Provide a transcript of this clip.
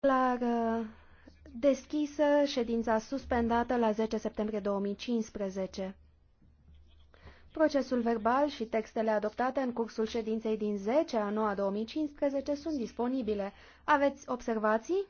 La uh, deschisă ședința suspendată la 10 septembrie 2015. Procesul verbal și textele adoptate în cursul ședinței din 10 a 9 a 2015 sunt disponibile. Aveți observații?